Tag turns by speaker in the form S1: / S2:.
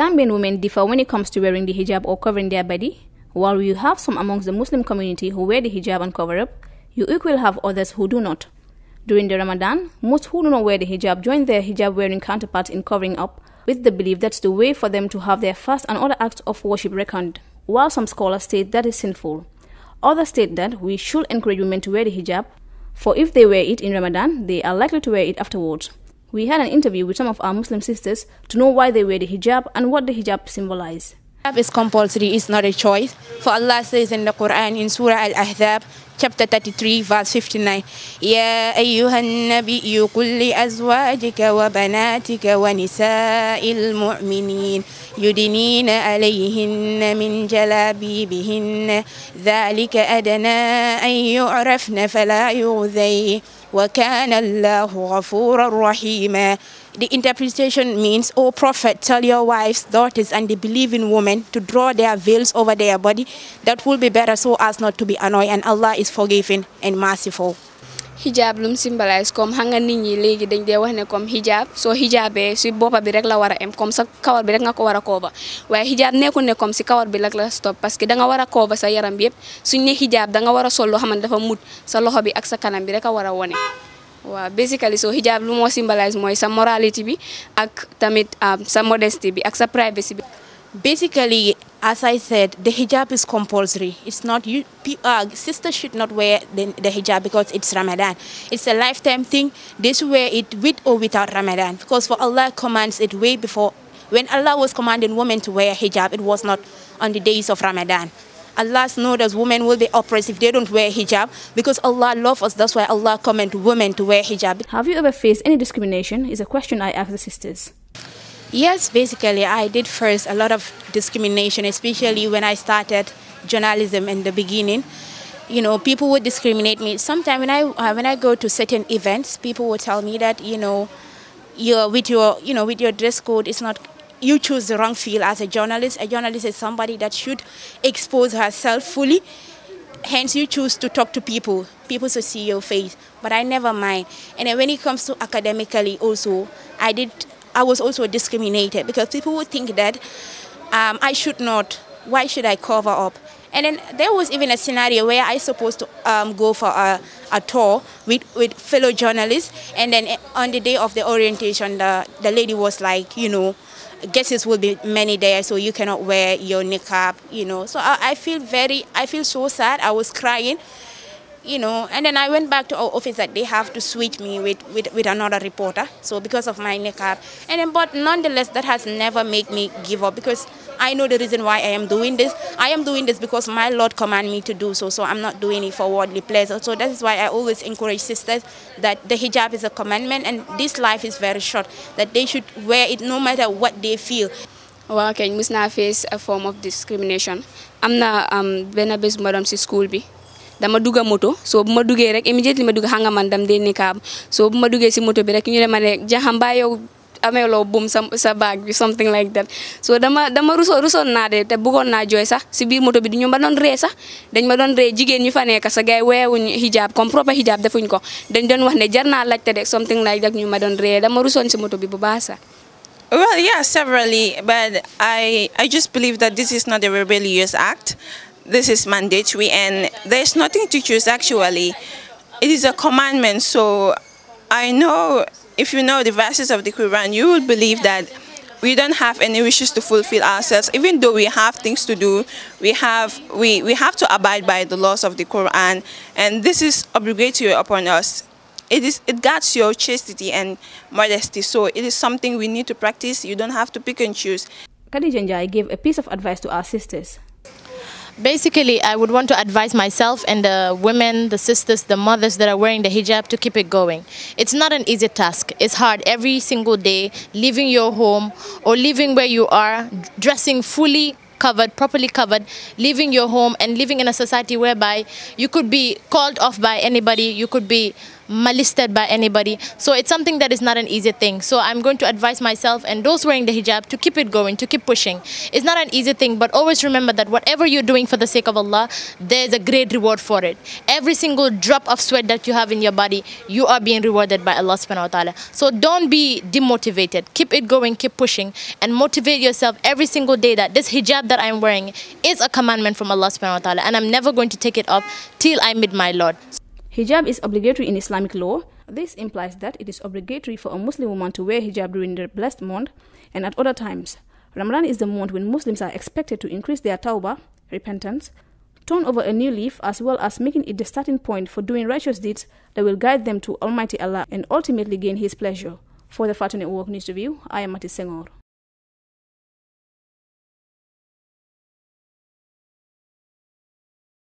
S1: Zambian women differ when it comes to wearing the hijab or covering their body. While you have some amongst the Muslim community who wear the hijab and cover up, you equally have others who do not. During the Ramadan, most who do not wear the hijab join their hijab wearing counterparts in covering up, with the belief that's the way for them to have their fast and other acts of worship reckoned. While some scholars state that is sinful, others state that we should encourage women to wear the hijab, for if they wear it in Ramadan, they are likely to wear it afterwards. We had an interview with some of our Muslim sisters to know why they wear the hijab
S2: and what the hijab symbolizes. Hijab is compulsory, it's not a choice. For Allah says in the Quran, in Surah Al-Ahzab, chapter 33, verse 59, "Ya يَا azwajika wa banatika wa وَبَنَاتِكَ وَنِسَاءِ الْمُؤْمِنِينَ يُدْنِينَ عَلَيْهِنَّ مِنْ جَلَابِيبِهِنَّ ذَلِكَ adana أَنْ يُعْرَفْنَ فَلَا يُؤْذَيْنَ وَكَانَ اللَّهُ غَفُورًا رَحِيمًا The interpretation means, O Prophet, tell your wives, daughters, and the believing women to draw their veils over their body. That will be better so as not to be annoyed, and Allah is forgiving and merciful.
S3: hijab lum symbolise comme xam nga nit ñi léegi dañ dee wax ne comme hijab soo hijabee si boppa bi rek la war a am comme sa kawar bi rek ko war a kooba waaye hijab nekkul ne comme si kawar bi rek la stop parce que da nga war a sa yaram bi yëpp suñ ne hijab danga nga war a sol loo xamante dafa mut sa loxo bi ak sa kanam bi rek a war a wone waaw basically soo hijab lu moo symbolise mooy sa morality bi ak tamit um, sa modesty bi ak sa
S2: privacy bi Basically, as I said, the hijab is compulsory. It's not you. Uh, sisters should not wear the, the, hijab because it's Ramadan. It's a lifetime thing. They should wear it with or without Ramadan because for Allah commands it way before. When Allah was commanding women to wear hijab, it was not on the days of Ramadan. Allah knows that women will be oppressed if they don't wear hijab because Allah loves us. That's why Allah commanded women to wear hijab. Have you ever faced any discrimination? Is a question I ask the sisters. Yes, basically, I did first a lot of discrimination, especially when I started journalism in the beginning. You know, people would discriminate me. Sometimes when I uh, when I go to certain events, people would tell me that you know, you with your you know with your dress code, it's not you choose the wrong field as a journalist. A journalist is somebody that should expose herself fully. Hence, you choose to talk to people. People to see your face. But I never mind. And when it comes to academically also, I did I was also discriminated because people would think that um, I should not. Why should I cover up? And then there was even a scenario where I supposed to um, go for a, a tour with, with fellow journalists. And then eh, on the day of the orientation, the, the lady was like, you know, guesses will be many there, so you cannot wear your niqab, you know. So I, I feel very, I feel so sad. I was crying you know, and then I went back to our office that they have to switch me with, with, with another reporter, so because of my niqab. And then, but nonetheless, that has never made me give up because I know the reason why I am doing this. I am doing this because my Lord command me to do so, so I'm not doing it for worldly pleasure. So that is why I always encourage sisters that the hijab is a commandment and this life is very short, that they should wear it no matter what they feel.
S3: waaw kañ mus face a form of discrimination i am na um Benabes bu school bi dama dugg moto so bu ma duggee rek immediately ma dugg xam nga man dam dee nikaab so bu ma duggee si moto bi rek ñu ne ma ne jaxam mbaa yow amee loo buum sa sa baag bi something like that so dama dama rusoo rusoon naa de te bëggoon naa jooy sax si biir moto bi di ñu ma doon ree sax dañ ma doon ree jigéen ñi fa nekk sa gay weewuñ hijab comme proper hijab defuñ ko dañ doon wax ne jar naa laajte de something like that ñu ma doon ree dama rusoon si moto bi bu baax sax
S4: Well, yeah, severally, but I, I just believe that this is not this is mandatory and there's nothing to choose actually. It is a commandment so I know if you know the verses of the Quran you will believe that we don't have any wishes to fulfill ourselves even though we have things to do we have we, we have to abide by the laws of the Quran and this is obligatory upon us it is it guards your chastity and modesty so it is something we need to practice you don't have to pick and choose
S5: Khadija gave a piece of advice to our sisters Basically, I would want to advise myself and the women, the sisters, the mothers that are wearing the hijab to keep it going. It's not an easy task. It's hard every single day, leaving your home or leaving where you are, dressing fully covered, properly covered, leaving your home and living in a society whereby you could be called off by anybody, you could be molested by anybody. So it's something that is not an easy thing. So I'm going to advise myself and those wearing the hijab to keep it going, to keep pushing. It's not an easy thing, but always remember that whatever you're doing for the sake of Allah, there's a great reward for it. Every single drop of sweat that you have in your body, you are being rewarded by Allah subhanahu wa ta'ala. So don't be demotivated. Keep it going, keep pushing, and motivate yourself every single day that this hijab that I'm wearing is a commandment from Allah subhanahu wa ta'ala, and I'm never going to take it off till I meet my Lord. Hijab is obligatory in Islamic law. This implies
S1: that it is obligatory for a Muslim woman to wear hijab during the blessed month and at other times. Ramadan is the month when Muslims are expected to increase their tawbah, repentance, turn over a new leaf, as well as making it the starting point for doing righteous deeds that will guide them to Almighty Allah and ultimately gain His pleasure. For the Fatah Network News Review, I am Mati Senghor.